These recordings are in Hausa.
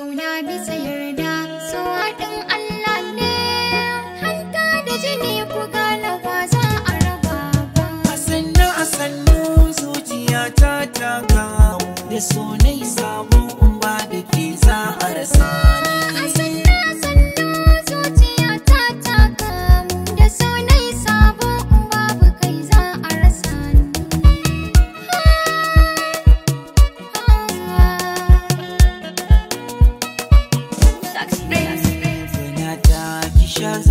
Ƙauna bisa yarda, su haɗin Allah ne, hanta da jini ku gane ba za a raba ba. A sannu a sannu zuciya ta taka da so na yi samu in ba da ke za a rasa. just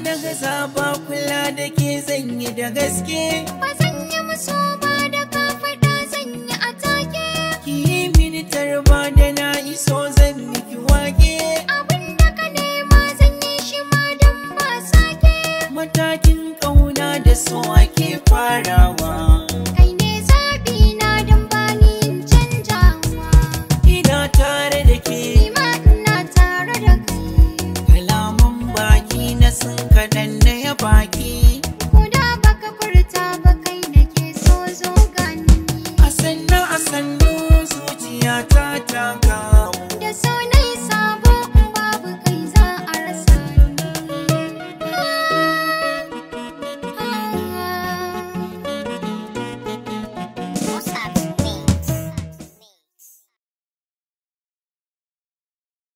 daga na zaba kula da ke zanyi da gaske ba zan yi musu ba da ka faɗa yi a take ki yi mini tarba da na iso zan miki wake abin da ka nema zan yi shi ma don ba sake matakin ƙauna da so ake farawa kai ne zaɓi na don bani yin canjawa ina tare da ke baki Kuda baka furta ba kai da ke so zo gani A sannan a sannu zuciya ta taka